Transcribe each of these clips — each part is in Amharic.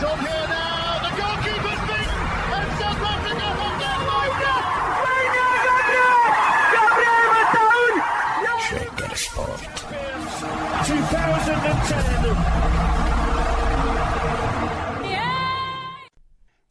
Job here now.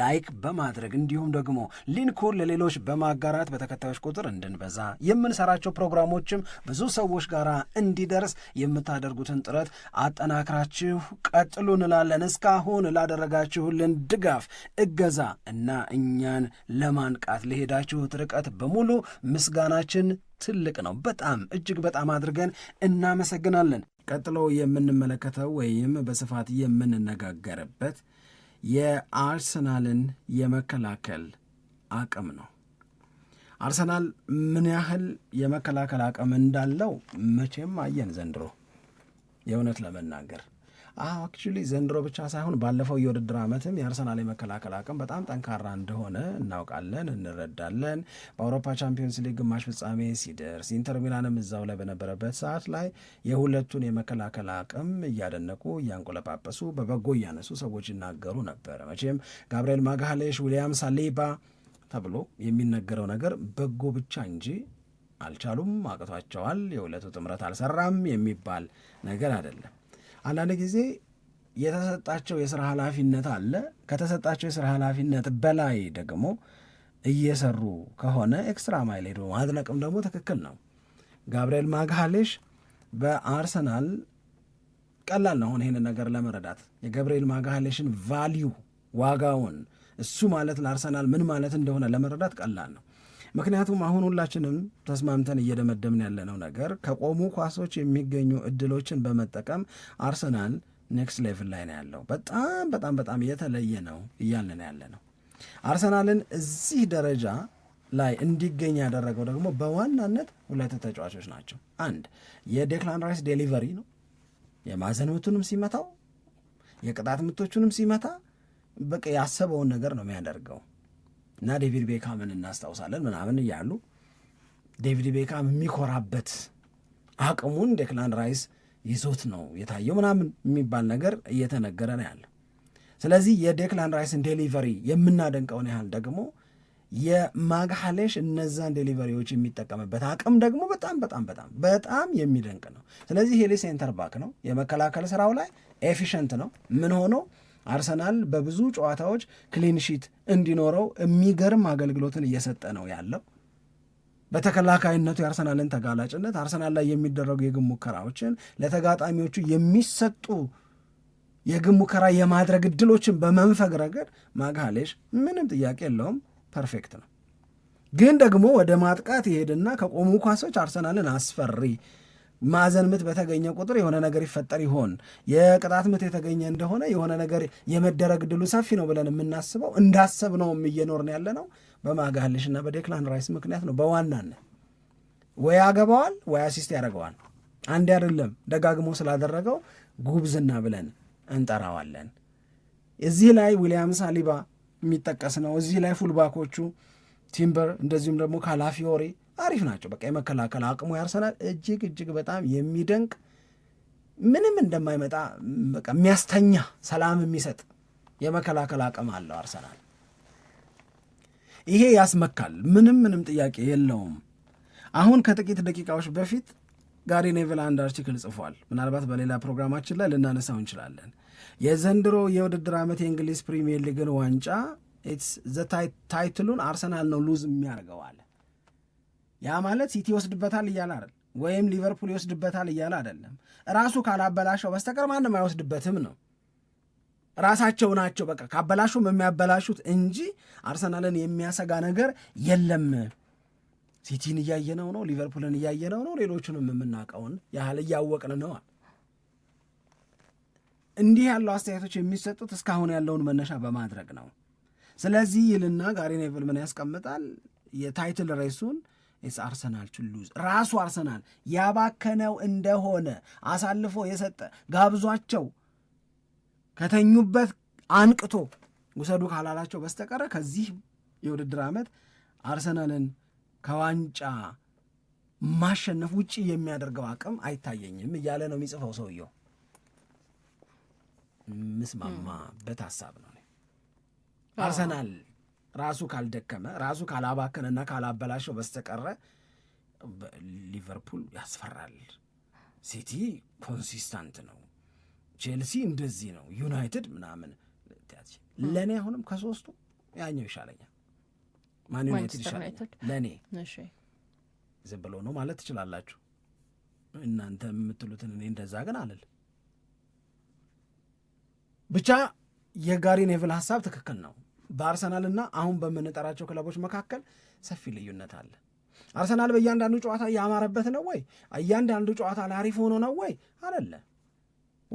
ላይክ በማድረግ እንዲሁም ደግሞ ሊንኩን ለሌሎች በማጋራት በተከታዮች ቁጥር እንድንበዛ የምንሰራቸው ፕሮግራሞችም ብዙ ሰዎች ጋር እንዲደርስ የምታደርጉትን ጥረት አጠናክራችሁ ቀጥሉ እንላለን። እስካሁን ላደረጋችሁልን ድጋፍ፣ እገዛ እና እኛን ለማንቃት ለሄዳችሁት ርቀት በሙሉ ምስጋናችን ትልቅ ነው። በጣም እጅግ በጣም አድርገን እናመሰግናለን። ቀጥሎ የምንመለከተው ወይም በስፋት የምንነጋገርበት የአርሰናልን የመከላከል አቅም ነው። አርሰናል ምን ያህል የመከላከል አቅም እንዳለው መቼም አየን ዘንድሮ የእውነት ለመናገር አክቹሊ ዘንድሮ ብቻ ሳይሆን ባለፈው የውድድር ዓመትም የአርሰናል የመከላከል አቅም በጣም ጠንካራ እንደሆነ እናውቃለን፣ እንረዳለን። በአውሮፓ ቻምፒዮንስ ሊግ ግማሽ ፍጻሜ ሲደርስ ኢንተር ሚላንም እዛው ላይ በነበረበት ሰዓት ላይ የሁለቱን የመከላከል አቅም እያደነቁ እያንቆለጳጰሱ በበጎ እያነሱ ሰዎች ይናገሩ ነበረ። መቼም ጋብርኤል ማጋሌሽ፣ ዊሊያም ሳሌባ ተብሎ የሚነገረው ነገር በጎ ብቻ እንጂ አልቻሉም፣ አቅቷቸዋል፣ የሁለቱ ጥምረት አልሰራም የሚባል ነገር አይደለም። አንዳንድ ጊዜ የተሰጣቸው የስራ ኃላፊነት አለ። ከተሰጣቸው የስራ ኃላፊነት በላይ ደግሞ እየሰሩ ከሆነ ኤክስትራ ማይል ሄዶ ማድነቅም ደግሞ ትክክል ነው። ጋብርኤል ማግሃሌሽ በአርሰናል ቀላል ነው አሁን ይህንን ነገር ለመረዳት የገብርኤል ማግሃሌሽን ቫሊዩ ዋጋውን እሱ ማለት ለአርሰናል ምን ማለት እንደሆነ ለመረዳት ቀላል ነው። ምክንያቱም አሁን ሁላችንም ተስማምተን እየደመደምን ያለነው ነገር ከቆሙ ኳሶች የሚገኙ እድሎችን በመጠቀም አርሰናል ኔክስት ሌቭል ላይ ነው ያለው። በጣም በጣም በጣም የተለየ ነው እያልን ያለ ነው። አርሰናልን እዚህ ደረጃ ላይ እንዲገኝ ያደረገው ደግሞ በዋናነት ሁለት ተጫዋቾች ናቸው። አንድ የዴክላን ራይስ ዴሊቨሪ ነው። የማዕዘን ምቱንም ሲመታው፣ የቅጣት ምቶቹንም ሲመታ በቃ ያሰበውን ነገር ነው የሚያደርገው። እና ዴቪድ ቤካምን እናስታውሳለን ምናምን እያሉ ዴቪድ ቤካም የሚኮራበት አቅሙን ዴክላን ራይስ ይዞት ነው የታየው ምናምን የሚባል ነገር እየተነገረ ነው ያለ። ስለዚህ የዴክላን ራይስን ዴሊቨሪ የምናደንቀውን ያህል ደግሞ የማግሃሌሽ እነዛን ዴሊቨሪዎች የሚጠቀምበት አቅም ደግሞ በጣም በጣም በጣም በጣም የሚደንቅ ነው። ስለዚህ ሄሊ ሴንተር ባክ ነው፣ የመከላከል ስራው ላይ ኤፊሽንት ነው። ምን ሆኖ አርሰናል በብዙ ጨዋታዎች ክሊንሺት እንዲኖረው የሚገርም አገልግሎትን እየሰጠ ነው ያለው። በተከላካይነቱ የአርሰናልን ተጋላጭነት፣ አርሰናል ላይ የሚደረጉ የግብ ሙከራዎችን፣ ለተጋጣሚዎቹ የሚሰጡ የግብ ሙከራ የማድረግ እድሎችን በመንፈግ ረገድ ማጋሌሽ ምንም ጥያቄ የለውም፣ ፐርፌክት ነው። ግን ደግሞ ወደ ማጥቃት ይሄድና ከቆሙ ኳሶች አርሰናልን አስፈሪ ማዕዘን ምት በተገኘ ቁጥር የሆነ ነገር ይፈጠር ይሆን? የቅጣት ምት የተገኘ እንደሆነ የሆነ ነገር የመደረግ ድሉ ሰፊ ነው ብለን የምናስበው እንዳሰብ ነው እየኖርን ያለ ነው። በማጋልሽ እና በዴክላን ራይስ ምክንያት ነው በዋናነት ወይ ያገባዋል ወይ አሲስት ያደርገዋል። አንድ አይደለም ደጋግሞ ስላደረገው ጉብዝና ብለን እንጠራዋለን። እዚህ ላይ ዊሊያም ሳሊባ የሚጠቀስ ነው። እዚህ ላይ ፉልባኮቹ ቲምበር እንደዚሁም ደግሞ ካላፊዮሪ አሪፍ ናቸው። በቃ የመከላከል አቅሙ ያርሰናል እጅግ እጅግ በጣም የሚደንቅ ምንም እንደማይመጣ በቃ የሚያስተኛ ሰላም የሚሰጥ የመከላከል አቅም አለው አርሰናል። ይሄ ያስመካል፣ ምንም ምንም ጥያቄ የለውም። አሁን ከጥቂት ደቂቃዎች በፊት ጋሪ ኔቪል አንድ አርቲክል ጽፏል። ምናልባት በሌላ ፕሮግራማችን ላይ ልናነሳው እንችላለን። የዘንድሮ የውድድር ዓመት የእንግሊዝ ፕሪሚየር ሊግን ዋንጫ ኢትስ ዘ ታይትሉን አርሰናል ነው ሉዝ አለ። ያ ማለት ሲቲ ይወስድበታል እያለ አይደል፣ ወይም ሊቨርፑል ይወስድበታል እያለ አይደለም። ራሱ ካላበላሸው በስተቀር ማንም አይወስድበትም ነው። ራሳቸው ናቸው በቃ ካበላሹም የሚያበላሹት እንጂ አርሰናልን የሚያሰጋ ነገር የለም። ሲቲን እያየነው ነው፣ ሊቨርፑልን እያየነው ነው፣ ሌሎቹንም የምናውቀውን ያህል እያወቅን ነዋል። እንዲህ ያለው አስተያየቶች የሚሰጡት እስካሁን ያለውን መነሻ በማድረግ ነው። ስለዚህ ይልና ጋሪ ኔቭል ምን ያስቀምጣል? የታይትል ሬሱን ኢትስ አርሰናል ቱ ሉዝ ራሱ አርሰናል ያባከነው እንደሆነ አሳልፎ የሰጠ ጋብዟቸው ከተኙበት አንቅቶ ውሰዱ ካላላቸው በስተቀረ ከዚህ የውድድር ዓመት አርሰናልን ከዋንጫ ማሸነፍ ውጭ የሚያደርገው አቅም አይታየኝም እያለ ነው የሚጽፈው ሰውየው። ምስማማበት ሀሳብ ነው አርሰናል ራሱ ካልደከመ ራሱ ካላባከነና ካላበላሸው በስተቀረ ሊቨርፑል ያስፈራል። ሲቲ ኮንሲስታንት ነው፣ ቼልሲ እንደዚህ ነው፣ ዩናይትድ ምናምን። ለእኔ አሁንም ከሶስቱ ያኛው ይሻለኛል፣ ማን ዩናይትድ ይሻለኛል ለእኔ። ዝም ብሎ ነው ማለት ትችላላችሁ እናንተ የምትሉትን፣ እኔ እንደዛ ግን አለል ብቻ የጋሪ ኔቭል ሀሳብ ትክክል ነው። በአርሰናልና አሁን በምንጠራቸው ክለቦች መካከል ሰፊ ልዩነት አለ። አርሰናል በእያንዳንዱ ጨዋታ እያማረበት ነው ወይ? እያንዳንዱ ጨዋታ አሪፍ ሆኖ ነው ወይ? አደለ።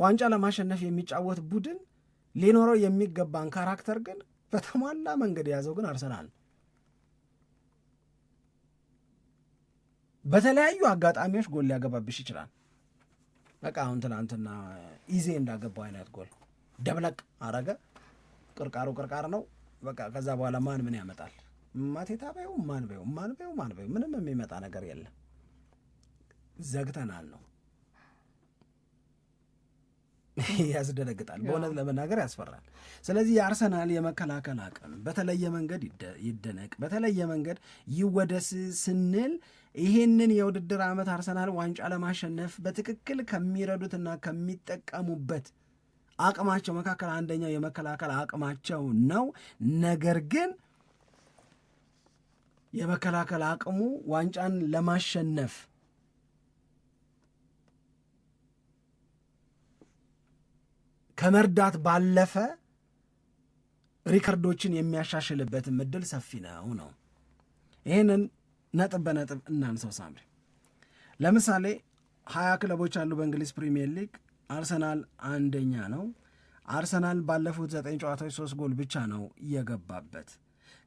ዋንጫ ለማሸነፍ የሚጫወት ቡድን ሊኖረው የሚገባን ካራክተር ግን በተሟላ መንገድ የያዘው ግን አርሰናል ነው። በተለያዩ አጋጣሚዎች ጎል ሊያገባብሽ ይችላል። በቃ አሁን ትናንትና ኢዜ እንዳገባው አይነት ጎል ደብለቅ አረገ። ቅርቃሩ ቅርቃር ነው። በቃ ከዛ በኋላ ማን ምን ያመጣል? ማቴታ በይው ማን በይው ማን በይው ማን በይው ምንም የሚመጣ ነገር የለም። ዘግተናል ነው ያስደነግጣል። በእውነት ለመናገር ያስፈራል። ስለዚህ የአርሰናል የመከላከል አቅም በተለየ መንገድ ይደነቅ፣ በተለየ መንገድ ይወደስ ስንል ይሄንን የውድድር ዓመት አርሰናል ዋንጫ ለማሸነፍ በትክክል ከሚረዱትና ከሚጠቀሙበት አቅማቸው መካከል አንደኛው የመከላከል አቅማቸው ነው። ነገር ግን የመከላከል አቅሙ ዋንጫን ለማሸነፍ ከመርዳት ባለፈ ሪከርዶችን የሚያሻሽልበትም እድል ሰፊ ነው ነው። ይህንን ነጥብ በነጥብ እናንሰው ሳምሪ። ለምሳሌ ሀያ ክለቦች አሉ በእንግሊዝ ፕሪሚየር ሊግ አርሰናል አንደኛ ነው። አርሰናል ባለፉት ዘጠኝ ጨዋታዎች ሶስት ጎል ብቻ ነው የገባበት።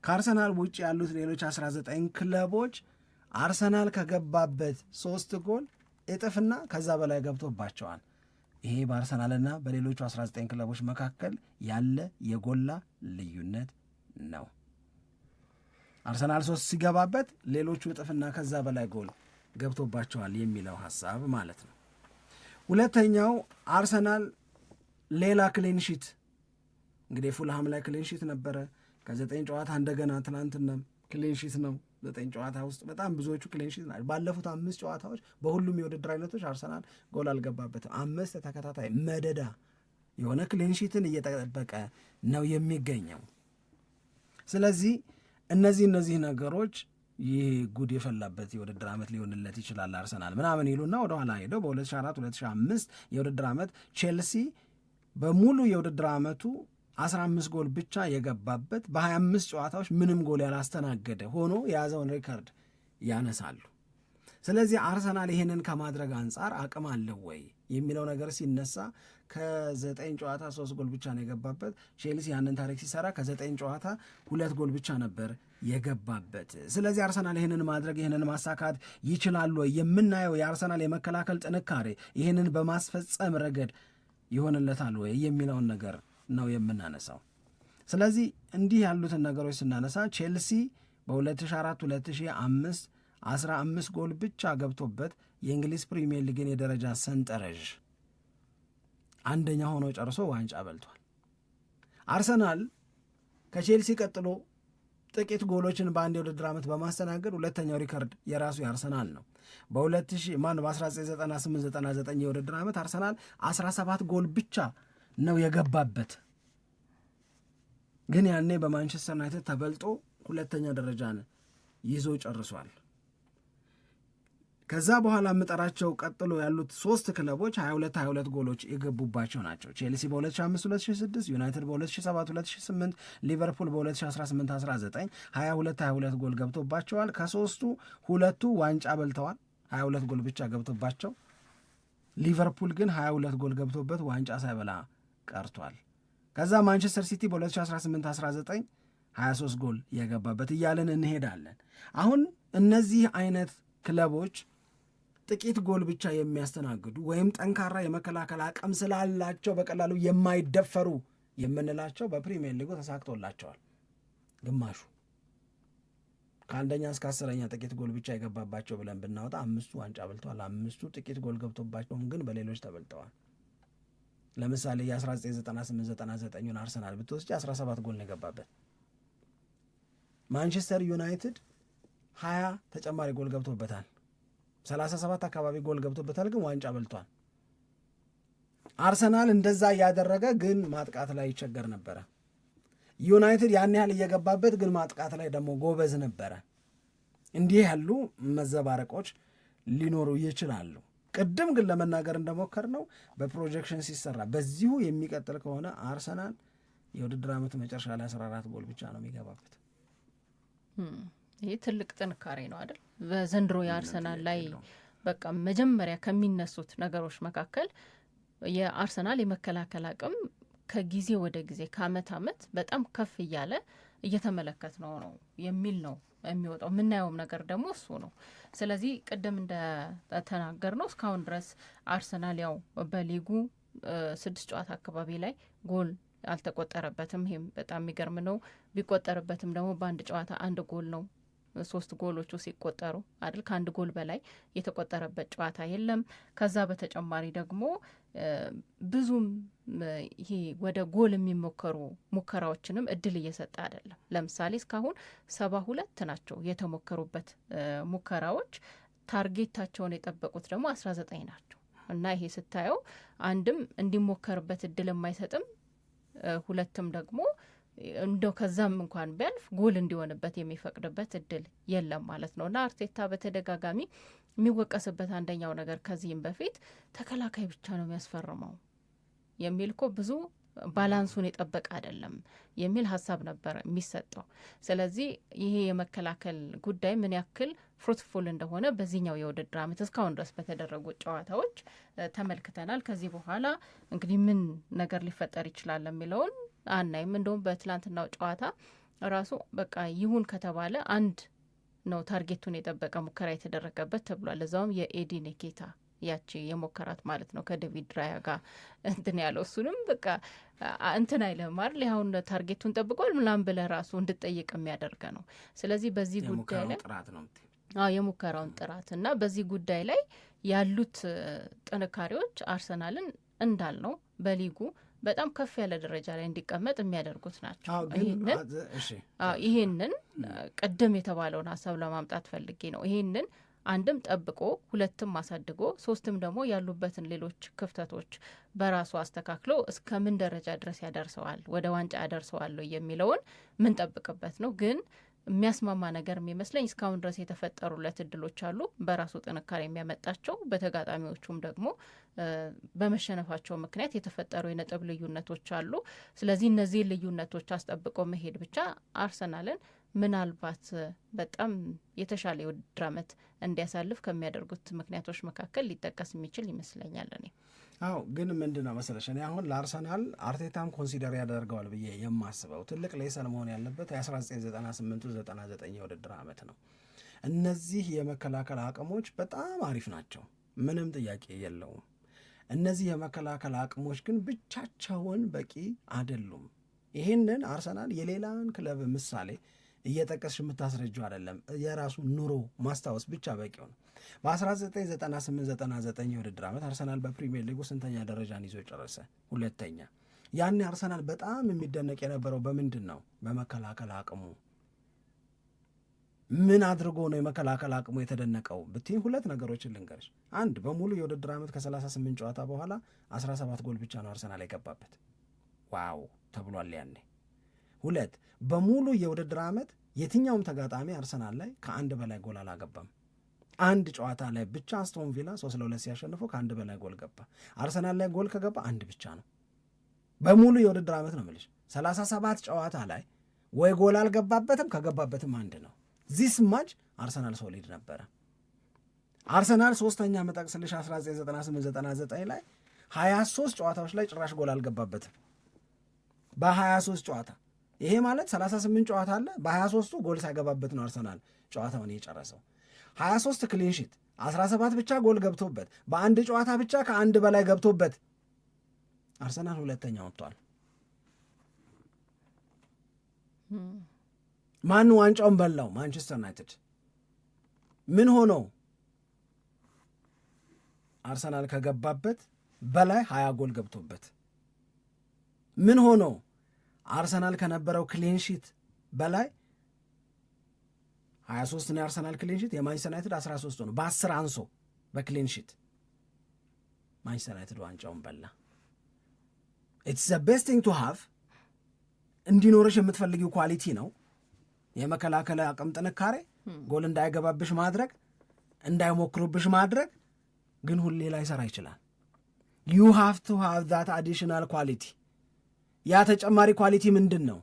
ከአርሰናል ውጭ ያሉት ሌሎች 19 ክለቦች አርሰናል ከገባበት ሶስት ጎል እጥፍና ከዛ በላይ ገብቶባቸዋል። ይሄ በአርሰናልና በሌሎቹ 19 ክለቦች መካከል ያለ የጎላ ልዩነት ነው። አርሰናል ሶስት ሲገባበት ሌሎቹ እጥፍና ከዛ በላይ ጎል ገብቶባቸዋል የሚለው ሀሳብ ማለት ነው። ሁለተኛው አርሰናል ሌላ ክሊንሺት እንግዲህ ፉልሃም ላይ ክሊንሺት ነበረ ከዘጠኝ ጨዋታ እንደገና ትናንትና ክሊንሺት ነው። ዘጠኝ ጨዋታ ውስጥ በጣም ብዙዎቹ ክሊንሺት ናቸው። ባለፉት አምስት ጨዋታዎች በሁሉም የውድድር አይነቶች አርሰናል ጎል አልገባበትም። አምስት ተከታታይ መደዳ የሆነ ክሊንሺትን እየጠበቀ ነው የሚገኘው። ስለዚህ እነዚህ እነዚህ ነገሮች ይህ ጉድ የፈላበት የውድድር ዓመት ሊሆንለት ይችላል አርሰናል ምናምን ይሉና ወደኋላ ሄደው በ2004 2005 የውድድር ዓመት ቼልሲ በሙሉ የውድድር ዓመቱ 15 ጎል ብቻ የገባበት በ25 ጨዋታዎች ምንም ጎል ያላስተናገደ ሆኖ የያዘውን ሪከርድ ያነሳሉ። ስለዚህ አርሰናል ይህንን ከማድረግ አንጻር አቅም አለው ወይ የሚለው ነገር ሲነሳ ከዘጠኝ ጨዋታ ሶስት ጎል ብቻ ነው የገባበት። ቼልሲ ያንን ታሪክ ሲሰራ ከዘጠኝ ጨዋታ ሁለት ጎል ብቻ ነበር የገባበት። ስለዚህ አርሰናል ይህንን ማድረግ ይህንን ማሳካት ይችላሉ የምናየው የአርሰናል የመከላከል ጥንካሬ ይህንን በማስፈጸም ረገድ ይሆንለታል ወይ የሚለውን ነገር ነው የምናነሳው። ስለዚህ እንዲህ ያሉትን ነገሮች ስናነሳ ቼልሲ በ2004 2005 15 ጎል ብቻ ገብቶበት የእንግሊዝ ፕሪሚየር ሊግን የደረጃ ሰንጠረዥ አንደኛ ሆኖ ጨርሶ ዋንጫ በልቷል። አርሰናል ከቼልሲ ቀጥሎ ጥቂት ጎሎችን በአንድ የውድድር ዓመት በማስተናገድ ሁለተኛው ሪከርድ የራሱ የአርሰናል ነው። በ2000 ማን በ1998/99 የውድድር ዓመት አርሰናል 17 ጎል ብቻ ነው የገባበት። ግን ያኔ በማንቸስተር ዩናይትድ ተበልጦ ሁለተኛ ደረጃን ይዞ ጨርሷል። ከዛ በኋላ የምጠራቸው ቀጥሎ ያሉት ሶስት ክለቦች 22 22 ጎሎች የገቡባቸው ናቸው። ቼልሲ በ2005 2006፣ ዩናይትድ በ2007 2008፣ ሊቨርፑል በ2018 19 22 22 ጎል ገብቶባቸዋል። ከሶስቱ ሁለቱ ዋንጫ በልተዋል፣ 22 ጎል ብቻ ገብቶባቸው። ሊቨርፑል ግን 22 ጎል ገብቶበት ዋንጫ ሳይበላ ቀርቷል። ከዛ ማንቸስተር ሲቲ በ2018 19 23 ጎል የገባበት እያለን እንሄዳለን። አሁን እነዚህ አይነት ክለቦች ጥቂት ጎል ብቻ የሚያስተናግዱ ወይም ጠንካራ የመከላከል አቅም ስላላቸው በቀላሉ የማይደፈሩ የምንላቸው በፕሪሚየር ሊጉ ተሳክቶላቸዋል። ግማሹ ከአንደኛ እስከ አስረኛ ጥቂት ጎል ብቻ የገባባቸው ብለን ብናወጣ አምስቱ ዋንጫ በልተዋል። አምስቱ ጥቂት ጎል ገብቶባቸውም ግን በሌሎች ተበልጠዋል። ለምሳሌ የ1998/99ን አርሰናል ብትወስድ 17 ጎል ነው የገባበት። ማንቸስተር ዩናይትድ ሀያ ተጨማሪ ጎል ገብቶበታል። ሰላሳ ሰባት አካባቢ ጎል ገብቶበታል፣ ግን ዋንጫ በልቷል። አርሰናል እንደዛ እያደረገ ግን ማጥቃት ላይ ይቸገር ነበረ። ዩናይትድ ያን ያህል እየገባበት ግን ማጥቃት ላይ ደግሞ ጎበዝ ነበረ። እንዲህ ያሉ መዘባረቆች ሊኖሩ ይችላሉ። ቅድም ግን ለመናገር እንደሞከር ነው በፕሮጀክሽን ሲሰራ በዚሁ የሚቀጥል ከሆነ አርሰናል የውድድር ዓመት መጨረሻ ላይ 14 ጎል ብቻ ነው የሚገባበት። ይህ ትልቅ ጥንካሬ ነው አይደል? በዘንድሮ የአርሰናል ላይ በቃ መጀመሪያ ከሚነሱት ነገሮች መካከል የአርሰናል የመከላከል አቅም ከጊዜ ወደ ጊዜ ከአመት አመት በጣም ከፍ እያለ እየተመለከት ነው ነው የሚል ነው የሚወጣው የምናየውም ነገር ደግሞ እሱ ነው። ስለዚህ ቅድም እንደተናገር ነው እስካሁን ድረስ አርሰናል ያው በሊጉ ስድስት ጨዋታ አካባቢ ላይ ጎል አልተቆጠረበትም። ይህም በጣም የሚገርም ነው። ቢቆጠርበትም ደግሞ በአንድ ጨዋታ አንድ ጎል ነው ሶስት ጎሎቹ ሲቆጠሩ አይደል ከአንድ ጎል በላይ የተቆጠረበት ጨዋታ የለም። ከዛ በተጨማሪ ደግሞ ብዙም ይሄ ወደ ጎል የሚሞከሩ ሙከራዎችንም እድል እየሰጠ አይደለም። ለምሳሌ እስካሁን ሰባ ሁለት ናቸው የተሞከሩበት ሙከራዎች ታርጌታቸውን የጠበቁት ደግሞ አስራ ዘጠኝ ናቸው እና ይሄ ስታየው አንድም እንዲሞከርበት እድል የማይሰጥም ሁለትም ደግሞ እንደው ከዛም እንኳን ቢያልፍ ጎል እንዲሆንበት የሚፈቅድበት እድል የለም ማለት ነው። እና አርቴታ በተደጋጋሚ የሚወቀስበት አንደኛው ነገር ከዚህም በፊት ተከላካይ ብቻ ነው የሚያስፈርመው የሚል ኮ ብዙ ባላንሱን የጠበቀ አይደለም የሚል ሀሳብ ነበር የሚሰጠው። ስለዚህ ይሄ የመከላከል ጉዳይ ምን ያክል ፍሩትፉል እንደሆነ በዚህኛው የውድድር አመት እስካሁን ድረስ በተደረጉ ጨዋታዎች ተመልክተናል። ከዚህ በኋላ እንግዲህ ምን ነገር ሊፈጠር ይችላል የሚለውን አናይም። እንደውም በትላንትናው ጨዋታ ራሱ በቃ ይሁን ከተባለ አንድ ነው ታርጌቱን የጠበቀ ሙከራ የተደረገበት ተብሏል። እዛውም የኤዲ ኔኬታ ያቺ የሞከራት ማለት ነው ከዴቪድ ራያ ጋር እንትን ያለው እሱንም በቃ እንትን አይለማል ያሁን ታርጌቱን ጠብቋል ምናምን ብለህ ራሱ እንድጠይቅ የሚያደርገ ነው። ስለዚህ በዚህ ጉዳይ ላይ የሙከራውን ጥራት እና በዚህ ጉዳይ ላይ ያሉት ጥንካሬዎች አርሰናልን እንዳል ነው በሊጉ በጣም ከፍ ያለ ደረጃ ላይ እንዲቀመጥ የሚያደርጉት ናቸው። ይህንን ቅድም የተባለውን ሀሳብ ለማምጣት ፈልጌ ነው። ይህንን አንድም ጠብቆ ሁለትም አሳድጎ ሶስትም ደግሞ ያሉበትን ሌሎች ክፍተቶች በራሱ አስተካክሎ እስከምን ደረጃ ድረስ ያደርሰዋል፣ ወደ ዋንጫ ያደርሰዋለሁ የሚለውን ጠብቅበት ነው ግን የሚያስማማ ነገር የሚመስለኝ እስካሁን ድረስ የተፈጠሩለት እድሎች አሉ። በራሱ ጥንካሬ የሚያመጣቸው በተጋጣሚዎቹም ደግሞ በመሸነፋቸው ምክንያት የተፈጠሩ የነጥብ ልዩነቶች አሉ። ስለዚህ እነዚህ ልዩነቶች አስጠብቆ መሄድ ብቻ አርሰናልን ምናልባት በጣም የተሻለ የውድድር አመት እንዲያሳልፍ ከሚያደርጉት ምክንያቶች መካከል ሊጠቀስ የሚችል ይመስለኛል እኔ አዎ ግን ምንድን ነው መሰለሽ እኔ አሁን ለአርሰናል አርቴታም ኮንሲደር ያደርገዋል ብዬ የማስበው ትልቅ ሌሰን መሆን ያለበት የ1998 99 የውድድር ዓመት ነው። እነዚህ የመከላከል አቅሞች በጣም አሪፍ ናቸው፣ ምንም ጥያቄ የለውም። እነዚህ የመከላከል አቅሞች ግን ብቻቸውን በቂ አይደሉም። ይህንን አርሰናል የሌላን ክለብ ምሳሌ እየጠቀስሽ የምታስረጁ አይደለም። የራሱ ኑሮ ማስታወስ ብቻ በቂው ነው። በ1998/99 የውድድር ዓመት አርሰናል በፕሪሚየር ሊጉ ስንተኛ ደረጃን ይዞ ጨረሰ? ሁለተኛ። ያኔ አርሰናል በጣም የሚደነቅ የነበረው በምንድን ነው? በመከላከል አቅሙ። ምን አድርጎ ነው የመከላከል አቅሙ የተደነቀው ብትይኝ፣ ሁለት ነገሮችን ልንገርሽ። አንድ በሙሉ የውድድር ዓመት ከ38 ጨዋታ በኋላ 17 ጎል ብቻ ነው አርሰናል የገባበት። ዋው ተብሏል ያኔ። ሁለት በሙሉ የውድድር ዓመት የትኛውም ተጋጣሚ አርሰናል ላይ ከአንድ በላይ ጎል አላገባም። አንድ ጨዋታ ላይ ብቻ አስቶን ቪላ ሶስት ለሁለት ሲያሸንፈው ከአንድ በላይ ጎል ገባ። አርሰናል ላይ ጎል ከገባ አንድ ብቻ ነው። በሙሉ የውድድር ዓመት ነው የምልሽ ሰላሳ ሰባት ጨዋታ ላይ ወይ ጎል አልገባበትም ከገባበትም አንድ ነው። ዚስ ማች አርሰናል ሶሊድ ነበረ። አርሰናል ሶስተኛ መጠቅስልሽ 1998/99 ላይ 23 ጨዋታዎች ላይ ጭራሽ ጎል አልገባበትም በ23 ጨዋታ ይሄ ማለት 38 ጨዋታ አለ። በ23ቱ ጎል ሳይገባበት ነው አርሰናል ጨዋታውን የጨረሰው። 23 ክሊንሺት 17 ብቻ ጎል ገብቶበት በአንድ ጨዋታ ብቻ ከአንድ በላይ ገብቶበት አርሰናል ሁለተኛ ወጥቷል። ማን ዋንጫውን በላው? ማንቸስተር ዩናይትድ። ምን ሆነው አርሰናል ከገባበት በላይ ሀያ ጎል ገብቶበት ምን ሆኖ አርሰናል ከነበረው ክሊንሺት በላይ 23 ነው የአርሰናል ክሊንሽት የማንቸስተር ዩናይትድ 13 ነው በአስር አንሶ በክሊንሽት ማንቸስተር ዩናይትድ ዋንጫውን በላ። ኢትስ ቤስት ቲንግ ቱ ሃቭ እንዲኖረሽ የምትፈልጊው ኳሊቲ ነው። የመከላከል አቅም ጥንካሬ፣ ጎል እንዳይገባብሽ ማድረግ፣ እንዳይሞክሩብሽ ማድረግ ግን ሁሌ ላይ ሰራ ይችላል። ዩ ሃቭ ቱ ሃቭ ዛት አዲሽናል ኳሊቲ። ያ ተጨማሪ ኳሊቲ ምንድን ነው?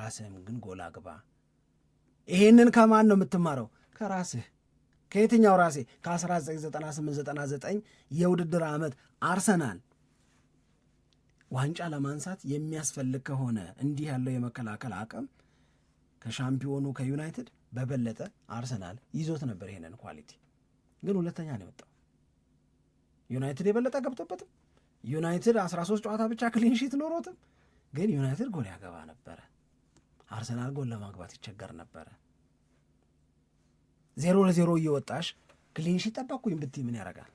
ራስህም ግን ጎል አግባ ይሄንን ከማን ነው የምትማረው? ከራስህ። ከየትኛው ራሴ? ከ1998/99 የውድድር ዓመት አርሰናል ዋንጫ ለማንሳት የሚያስፈልግ ከሆነ እንዲህ ያለው የመከላከል አቅም ከሻምፒዮኑ ከዩናይትድ በበለጠ አርሰናል ይዞት ነበር። ይሄንን ኳሊቲ ግን ሁለተኛ ነው የመጣው። ዩናይትድ የበለጠ ገብቶበትም ዩናይትድ 13 ጨዋታ ብቻ ክሊንሺት ኖሮትም ግን ዩናይትድ ጎል ያገባ ነበረ። አርሰናል ጎል ለማግባት ይቸገር ነበረ። ዜሮ ለዜሮ እየወጣሽ ክሊንሺ ጠበቅኩኝ ብትይ ምን ያደርጋል?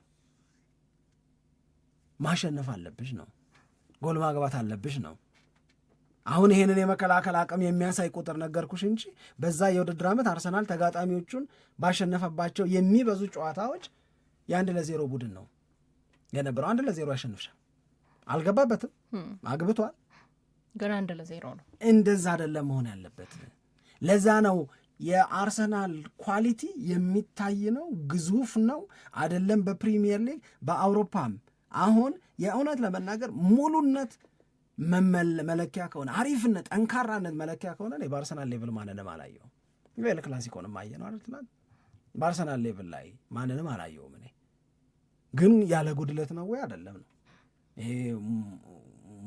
ማሸነፍ አለብሽ ነው፣ ጎል ማግባት አለብሽ ነው። አሁን ይሄንን የመከላከል አቅም የሚያሳይ ቁጥር ነገርኩሽ እንጂ በዛ የውድድር ዓመት አርሰናል ተጋጣሚዎቹን ባሸነፈባቸው የሚበዙ ጨዋታዎች የአንድ ለዜሮ ቡድን ነው የነበረው። አንድ ለዜሮ ያሸንፍሻል። አልገባበትም፣ አግብቷል ግን አንድ ለዜሮ ነው። እንደዛ አይደለም መሆን ያለበት። ለዛ ነው የአርሰናል ኳሊቲ የሚታይ ነው፣ ግዙፍ ነው አይደለም? በፕሪሚየር ሊግ በአውሮፓም አሁን የእውነት ለመናገር ሙሉነት መለኪያ ከሆነ አሪፍነት፣ ጠንካራነት መለኪያ ከሆነ በአርሰናል ሌቭል ማንንም አላየሁም። ኤል ክላሲኮንም አየ ነው አይደል? ትናንት በአርሰናል ሌቭል ላይ ማንንም አላየሁም። እኔ ግን ያለ ጉድለት ነው ወይ አይደለም ነው ይሄ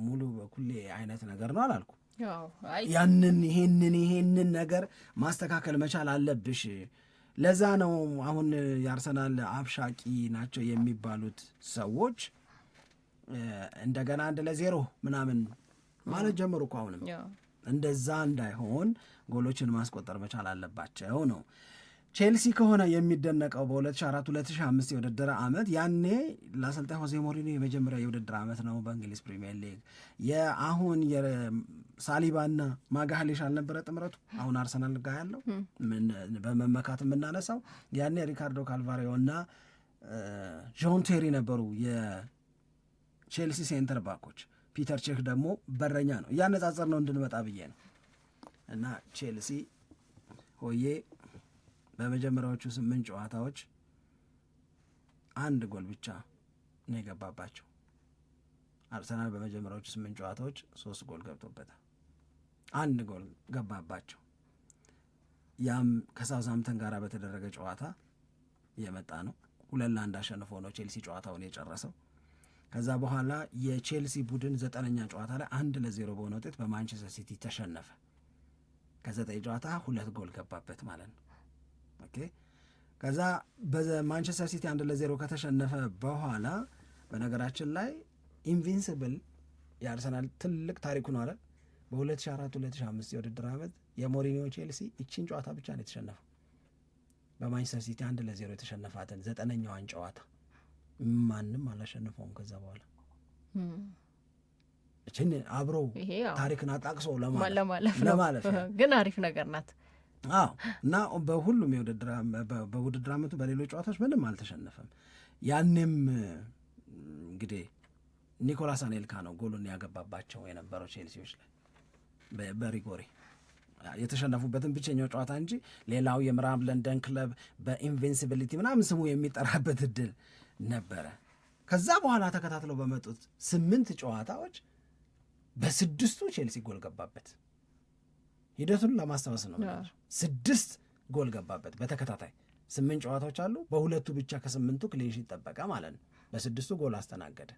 ሙሉ በኩሌ አይነት ነገር ነው አላልኩ። ያንን ይሄንን ይሄንን ነገር ማስተካከል መቻል አለብሽ። ለዛ ነው አሁን የአርሰናል አብሻቂ ናቸው የሚባሉት ሰዎች እንደገና አንድ ለዜሮ ምናምን ማለት ጀመሩ እኮ አሁንም። እንደዛ እንዳይሆን ጎሎችን ማስቆጠር መቻል አለባቸው ነው ቼልሲ ከሆነ የሚደነቀው በ2004 2005 የውድድር ዓመት ያኔ ለአሰልጣኝ ሆዜ ሞሪኒ የመጀመሪያ የውድድር ዓመት ነው በእንግሊዝ ፕሪሚየር ሊግ። የአሁን የሳሊባና ማጋሌሽ አልነበረ ጥምረቱ አሁን አርሰናል ጋ ያለው በመመካት የምናነሳው ያኔ ሪካርዶ ካልቫሪዮ እና ጆን ቴሪ ነበሩ የቼልሲ ሴንተር ባኮች። ፒተር ቼክ ደግሞ በረኛ ነው። እያነጻጸር ነው እንድንመጣ ብዬ ነው እና ቼልሲ ሆዬ በመጀመሪያዎቹ ስምንት ጨዋታዎች አንድ ጎል ብቻ ነው የገባባቸው። አርሰናል በመጀመሪያዎቹ ስምንት ጨዋታዎች ሶስት ጎል ገብቶበታል፣ አንድ ጎል ገባባቸው። ያም ከሳውዝሃምተን ጋር በተደረገ ጨዋታ የመጣ ነው። ሁለት ለአንድ አሸንፎ ነው ቼልሲ ጨዋታውን የጨረሰው። ከዛ በኋላ የቼልሲ ቡድን ዘጠነኛ ጨዋታ ላይ አንድ ለዜሮ በሆነ ውጤት በማንቸስተር ሲቲ ተሸነፈ። ከዘጠኝ ጨዋታ ሁለት ጎል ገባበት ማለት ነው። ከዛ በማንቸስተር ሲቲ አንድ ለዜሮ ከተሸነፈ በኋላ በነገራችን ላይ ኢንቪንስብል የአርሰናል ትልቅ ታሪኩ ነው አይደል? በ በ2004 2005 የውድድር ዓመት የሞሪኒዮ ቼልሲ ይችን ጨዋታ ብቻ ነው የተሸነፈው። በማንቸስተር ሲቲ አንድ ለዜሮ የተሸነፋትን ዘጠነኛዋን ጨዋታ ማንም አላሸንፈውም ከዛ በኋላ እችን አብሮ ታሪክን አጣቅሶ ለማለፍ ግን አሪፍ ነገር ናት። አዎ እና በሁሉም በውድድር ዓመቱ በሌሎች ጨዋታዎች ምንም አልተሸነፈም። ያንም እንግዲህ ኒኮላስ አኔልካ ነው ጎሉን ያገባባቸው የነበረው ቼልሲዎች ላይ በሪጎሪ የተሸነፉበትን ብቸኛው ጨዋታ እንጂ ሌላው የምዕራብ ለንደን ክለብ በኢንቬንሲቢሊቲ ምናምን ስሙ የሚጠራበት እድል ነበረ። ከዛ በኋላ ተከታትለው በመጡት ስምንት ጨዋታዎች በስድስቱ ቼልሲ ጎል ገባበት። ሂደቱን ለማስታወስ ነው። ስድስት ጎል ገባበት በተከታታይ ስምንት ጨዋታዎች አሉ። በሁለቱ ብቻ ከስምንቱ ክሊንሺት ይጠበቀ ማለት ነው። በስድስቱ ጎል አስተናገደ።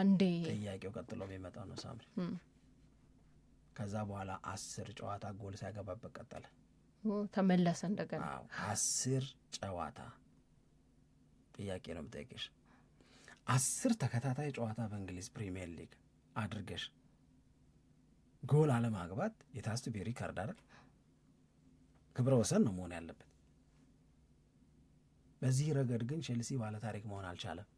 አንዴ ጥያቄው ቀጥሎ የሚመጣው ነው ሳምሪ። ከዛ በኋላ አስር ጨዋታ ጎል ሲያገባበት ቀጠለ። ተመለሰ እንደገና አስር ጨዋታ። ጥያቄ ነው የምጠይቅሽ፣ አስር ተከታታይ ጨዋታ በእንግሊዝ ፕሪሚየር ሊግ አድርገሽ ጎል አለማግባት የታስቱ ቤሪ ካርድ አይደል? ክብረ ወሰን ነው መሆን ያለበት። በዚህ ረገድ ግን ቼልሲ ባለታሪክ መሆን አልቻለም።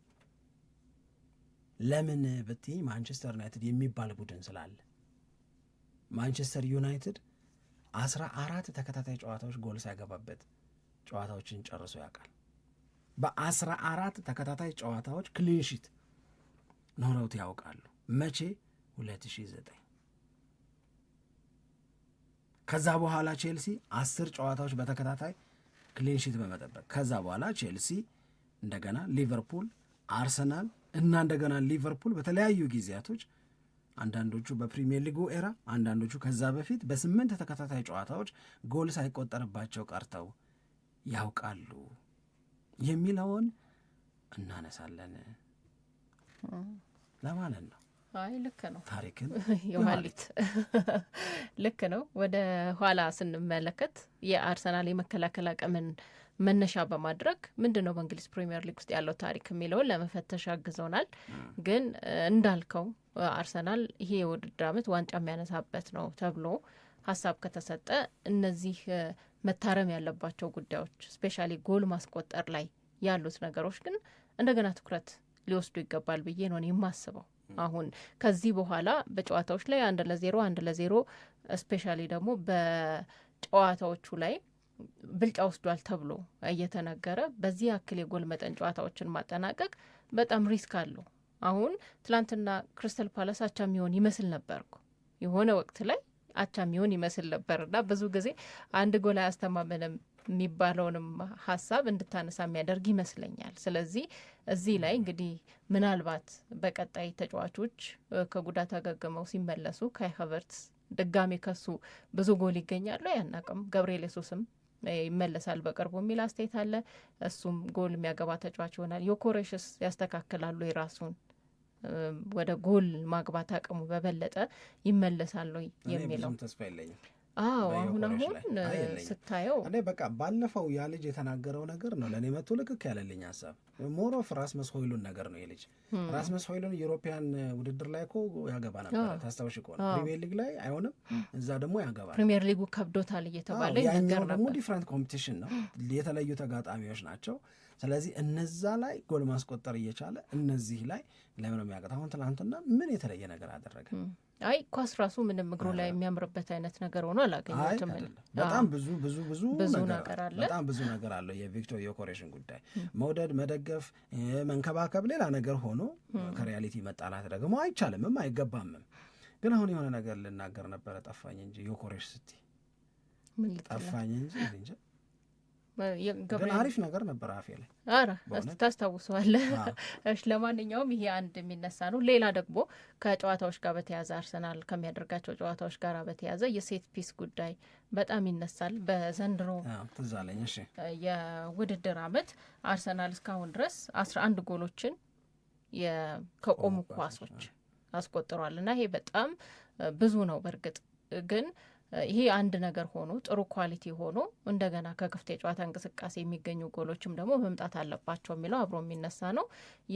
ለምን ብትይ ማንቸስተር ዩናይትድ የሚባል ቡድን ስላለ ማንቸስተር ዩናይትድ አስራ አራት ተከታታይ ጨዋታዎች ጎል ሲያገባበት ጨዋታዎችን ጨርሶ ያውቃል። በአስራ አራት ተከታታይ ጨዋታዎች ክሊንሺት ኖረውት ያውቃሉ። መቼ? ሁለት ሺህ ዘጠኝ ከዛ በኋላ ቼልሲ አስር ጨዋታዎች በተከታታይ ክሊንሺት በመጠበቅ ከዛ በኋላ ቼልሲ እንደገና ሊቨርፑል፣ አርሰናል እና እንደገና ሊቨርፑል በተለያዩ ጊዜያቶች አንዳንዶቹ በፕሪሚየር ሊጉ ኤራ አንዳንዶቹ ከዛ በፊት በስምንት ተከታታይ ጨዋታዎች ጎል ሳይቆጠርባቸው ቀርተው ያውቃሉ የሚለውን እናነሳለን ለማለት ነው። አይ ልክ ነው። ታሪክን የኋሊት ልክ ነው። ወደ ኋላ ስንመለከት የአርሰናል የመከላከል አቅምን መነሻ በማድረግ ምንድን ነው በእንግሊዝ ፕሪሚየር ሊግ ውስጥ ያለው ታሪክ የሚለውን ለመፈተሽ አግዘውናል። ግን እንዳልከው አርሰናል ይሄ የውድድር አመት ዋንጫ የሚያነሳበት ነው ተብሎ ሀሳብ ከተሰጠ እነዚህ መታረም ያለባቸው ጉዳዮች ስፔሻሊ ጎል ማስቆጠር ላይ ያሉት ነገሮች ግን እንደገና ትኩረት ሊወስዱ ይገባል ብዬ ነው የማስበው። አሁን ከዚህ በኋላ በጨዋታዎች ላይ አንድ ለዜሮ አንድ ለዜሮ ስፔሻሊ ደግሞ በጨዋታዎቹ ላይ ብልጫ ወስዷል ተብሎ እየተነገረ በዚህ ያክል የጎል መጠን ጨዋታዎችን ማጠናቀቅ በጣም ሪስክ አለው። አሁን ትላንትና ክሪስታል ፓላስ አቻ የሚሆን ይመስል ነበር የሆነ ወቅት ላይ አቻ የሚሆን ይመስል ነበር እና ብዙ ጊዜ አንድ ጎል አያስተማመንም የሚባለውንም ሀሳብ እንድታነሳ የሚያደርግ ይመስለኛል። ስለዚህ እዚህ ላይ እንግዲህ ምናልባት በቀጣይ ተጫዋቾች ከጉዳት አገግመው ሲመለሱ ካይ ሀቨርትስ ድጋሜ ከሱ ብዙ ጎል ይገኛሉ ያናቅም ገብርኤል የሱስም ይመለሳል በቅርቡ የሚል አስተያየት አለ። እሱም ጎል የሚያገባ ተጫዋች ይሆናል። ዮኮሬሽስ ያስተካክላሉ የራሱን ወደ ጎል ማግባት አቅሙ በበለጠ ይመለሳሉ የሚለው ተስፋ የለኝም። አዎ አሁን አሁን ስታየው እኔ በቃ ባለፈው ያ ልጅ የተናገረው ነገር ነው ለእኔ መቶ ልክክ ያለልኝ ሀሳብ ሞሮፍ ራስመስ ሆይሉን ነገር ነው። የልጅ ራስመስ ሆይሉን ዩሮፒያን ውድድር ላይ እኮ ያገባ ነበር። ታስታውሽ እኮ ፕሪሚየር ሊግ ላይ አይሆንም፣ እዛ ደግሞ ያገባ ፕሪሚየር ሊጉ ከብዶታል እየተባለ ያኛው ደግሞ ዲፍረንት ኮምፒቲሽን ነው፣ የተለዩ ተጋጣሚዎች ናቸው። ስለዚህ እነዛ ላይ ጎል ማስቆጠር እየቻለ እነዚህ ላይ ለምን ነው የሚያቀት አሁን ትናንትና ምን የተለየ ነገር አደረገ? አይ ኳስ ራሱ ምንም እግሩ ላይ የሚያምርበት አይነት ነገር ሆኖ አላገኘትም። በጣም ብዙ ብዙ ብዙ ነገር አለ። በጣም ብዙ ነገር አለው። የቪክቶር ዮኬሬሽን ጉዳይ መውደድ፣ መደገፍ፣ መንከባከብ ሌላ ነገር ሆኖ ከሪያሊቲ መጣላት ደግሞ አይቻልምም አይገባምም። ግን አሁን የሆነ ነገር ልናገር ነበረ ጠፋኝ እንጂ ዮኬሬሽ ስቲ ጠፋኝ እንጂ ግን አሪፍ ነገር ነበር አፌ ላይ አረ ታስታውሰዋለህ። ለማንኛውም ይሄ አንድ የሚነሳ ነው። ሌላ ደግሞ ከጨዋታዎች ጋር በተያዘ አርሰናል ከሚያደርጋቸው ጨዋታዎች ጋር በተያዘ የሴት ፒስ ጉዳይ በጣም ይነሳል። በዘንድሮ የውድድር አመት አርሰናል እስካሁን ድረስ አስራ አንድ ጎሎችን ከቆሙ ኳሶች አስቆጥሯል እና ይሄ በጣም ብዙ ነው በእርግጥ ግን ይሄ አንድ ነገር ሆኖ ጥሩ ኳሊቲ ሆኖ እንደገና ከክፍት የጨዋታ እንቅስቃሴ የሚገኙ ጎሎችም ደግሞ መምጣት አለባቸው የሚለው አብሮ የሚነሳ ነው።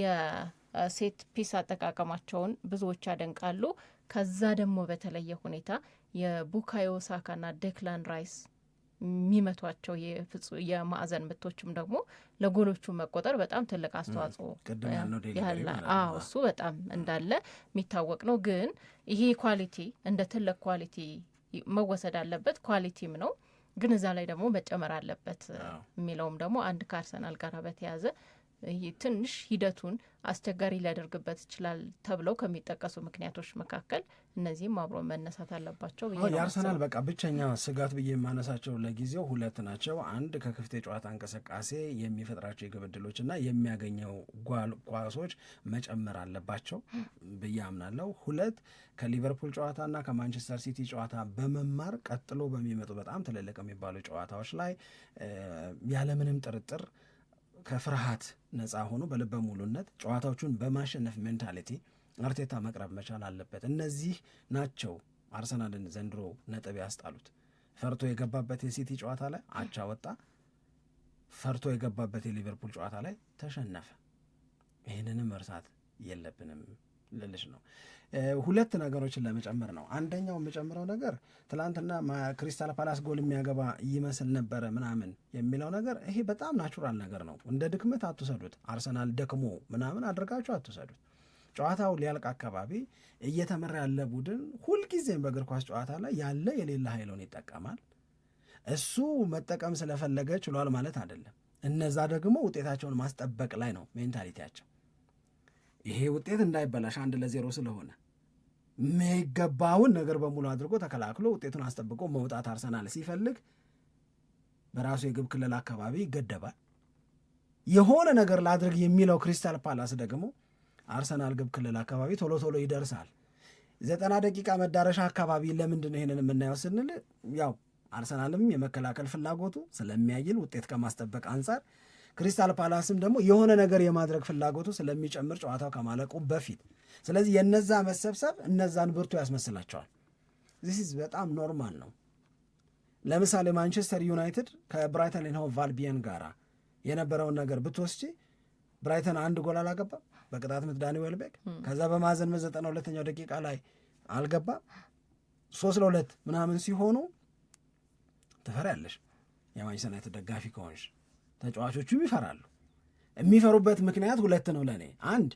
የሴት ፒስ አጠቃቀማቸውን ብዙዎች ያደንቃሉ። ከዛ ደግሞ በተለየ ሁኔታ የቡካዮ ሳካና ዴክላን ራይስ የሚመቷቸው የማዕዘን ምቶችም ደግሞ ለጎሎቹ መቆጠር በጣም ትልቅ አስተዋጽኦ ያለ እሱ በጣም እንዳለ የሚታወቅ ነው። ግን ይሄ ኳሊቲ እንደ ትልቅ ኳሊቲ መወሰድ አለበት። ኳሊቲም ነው ግን እዛ ላይ ደግሞ መጨመር አለበት የሚለውም ደግሞ አንድ ከአርሰናል ጋር በተያያዘ ትንሽ ሂደቱን አስቸጋሪ ሊያደርግበት ይችላል ተብለው ከሚጠቀሱ ምክንያቶች መካከል እነዚህም አብሮ መነሳት አለባቸው። የአርሰናል በቃ ብቸኛ ስጋት ብዬ የማነሳቸው ለጊዜው ሁለት ናቸው። አንድ ከክፍት የጨዋታ እንቅስቃሴ የሚፈጥራቸው የግብ ዕድሎች እና የሚያገኘው ጓል ኳሶች መጨመር አለባቸው ብዬ አምናለሁ። ሁለት ከሊቨርፑል ጨዋታና ከማንቸስተር ሲቲ ጨዋታ በመማር ቀጥሎ በሚመጡ በጣም ትልልቅ የሚባሉ ጨዋታዎች ላይ ያለምንም ጥርጥር ከፍርሃት ነፃ ሆኖ በልበ ሙሉነት ጨዋታዎቹን በማሸነፍ ሜንታሊቲ አርቴታ መቅረብ መቻል አለበት። እነዚህ ናቸው አርሰናልን ዘንድሮ ነጥብ ያስጣሉት። ፈርቶ የገባበት የሲቲ ጨዋታ ላይ አቻ ወጣ። ፈርቶ የገባበት የሊቨርፑል ጨዋታ ላይ ተሸነፈ። ይህንንም መርሳት የለብንም። ልልሽ ነው። ሁለት ነገሮችን ለመጨመር ነው። አንደኛው የምጨምረው ነገር ትናንትና ክሪስታል ፓላስ ጎል የሚያገባ ይመስል ነበረ ምናምን የሚለው ነገር ይሄ በጣም ናቹራል ነገር ነው። እንደ ድክመት አትውሰዱት። አርሰናል ደክሞ ምናምን አድርጋችሁ አትውሰዱት። ጨዋታው ሊያልቅ አካባቢ እየተመራ ያለ ቡድን ሁልጊዜም በእግር ኳስ ጨዋታ ላይ ያለ የሌለ ኃይሉን ይጠቀማል። እሱ መጠቀም ስለፈለገ ችሏል ማለት አይደለም። እነዛ ደግሞ ውጤታቸውን ማስጠበቅ ላይ ነው ሜንታሊቲያቸው። ይሄ ውጤት እንዳይበላሽ አንድ ለዜሮ ስለሆነ የሚገባውን ነገር በሙሉ አድርጎ ተከላክሎ ውጤቱን አስጠብቆ መውጣት አርሰናል ሲፈልግ በራሱ የግብ ክልል አካባቢ ይገደባል። የሆነ ነገር ላድርግ የሚለው ክሪስታል ፓላስ ደግሞ አርሰናል ግብ ክልል አካባቢ ቶሎ ቶሎ ይደርሳል። ዘጠና ደቂቃ መዳረሻ አካባቢ ለምንድን ነው ይሄንን የምናየው ስንል ያው አርሰናልም የመከላከል ፍላጎቱ ስለሚያይል ውጤት ከማስጠበቅ አንጻር ክሪስታል ፓላስም ደግሞ የሆነ ነገር የማድረግ ፍላጎቱ ስለሚጨምር ጨዋታው ከማለቁ በፊት ስለዚህ የነዛ መሰብሰብ እነዛን ብርቱ ያስመስላቸዋል። ዚስ በጣም ኖርማል ነው። ለምሳሌ ማንቸስተር ዩናይትድ ከብራይተን ሌንሆ ቫልቢየን ጋር የነበረውን ነገር ብትወስጂ ብራይተን አንድ ጎል አላገባም በቅጣት ምት ዳኒ ዌልቤክ፣ ከዛ በማዘን ምት ዘጠና ሁለተኛው ደቂቃ ላይ አልገባም። ሶስት ለሁለት ምናምን ሲሆኑ ትፈሪያለሽ የማንቸስተር ዩናይትድ ደጋፊ ከሆንሽ ተጫዋቾቹም ይፈራሉ። የሚፈሩበት ምክንያት ሁለት ነው ለእኔ። አንድ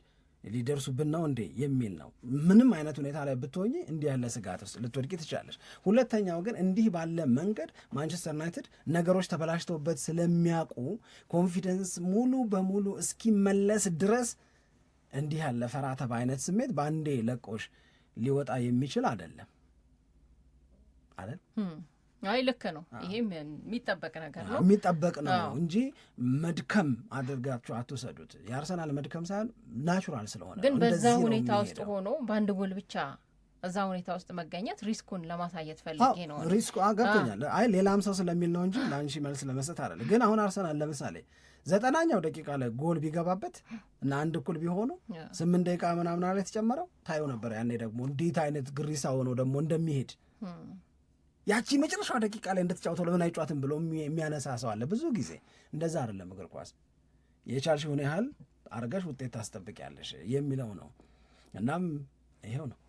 ሊደርሱብን ነው እንዴ የሚል ነው። ምንም አይነት ሁኔታ ላይ ብትሆኝ እንዲህ ያለ ስጋት ውስጥ ልትወድቂ ትችላለች። ሁለተኛው ግን እንዲህ ባለ መንገድ ማንቸስተር ዩናይትድ ነገሮች ተበላሽተውበት ስለሚያውቁ ኮንፊደንስ ሙሉ በሙሉ እስኪመለስ ድረስ እንዲህ ያለ ፈራተባ አይነት ስሜት በአንዴ ለቆሽ ሊወጣ የሚችል አይደለም አይደል? አይ ልክ ነው። ይሄም የሚጠበቅ ነገር ነው የሚጠበቅ ነው እንጂ መድከም አድርጋችሁ አትውሰዱት። የአርሰናል መድከም ሳይሆን ናቹራል ስለሆነ ግን በዛ ሁኔታ ውስጥ ሆኖ በአንድ ጎል ብቻ እዛ ሁኔታ ውስጥ መገኘት ሪስኩን ለማሳየት ፈልጌ ነው። ሪስኩ አገብቶኛል። አይ ሌላም ሰው ስለሚል ነው እንጂ ለአንሺ መልስ ለመስጠት አለ። ግን አሁን አርሰናል ለምሳሌ ዘጠናኛው ደቂቃ ላይ ጎል ቢገባበት እና አንድ እኩል ቢሆኑ ስምንት ደቂቃ ምናምን ላይ የተጨመረው ታየው ነበር። ያኔ ደግሞ እንዴት አይነት ግሪሳ ሆኖ ደግሞ እንደሚሄድ ያቺ መጨረሻው ደቂቃ ላይ እንደተጫወተው ለምን አይጫወትም ብሎ የሚያነሳ ሰው አለ። ብዙ ጊዜ እንደዛ አይደለም እግር ኳስ። ሆነ ያህል አርገሽ ውጤት ታስጠብቂያለሽ የሚለው ነው። እናም ይሄው ነው።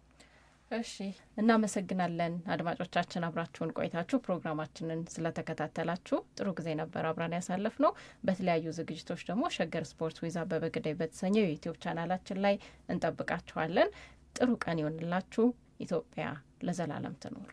እሺ፣ እናመሰግናለን አድማጮቻችን፣ አብራችሁን ቆይታችሁ ፕሮግራማችንን ስለተከታተላችሁ ጥሩ ጊዜ ነበር አብራን ያሳለፍ ነው። በተለያዩ ዝግጅቶች ደግሞ ሸገር ስፖርት ዊዝ አበበ ግደይ በተሰኘው ቻናላችን ላይ እንጠብቃችኋለን። ጥሩ ቀን ይሆንላችሁ። ኢትዮጵያ ለዘላለም ትኖር።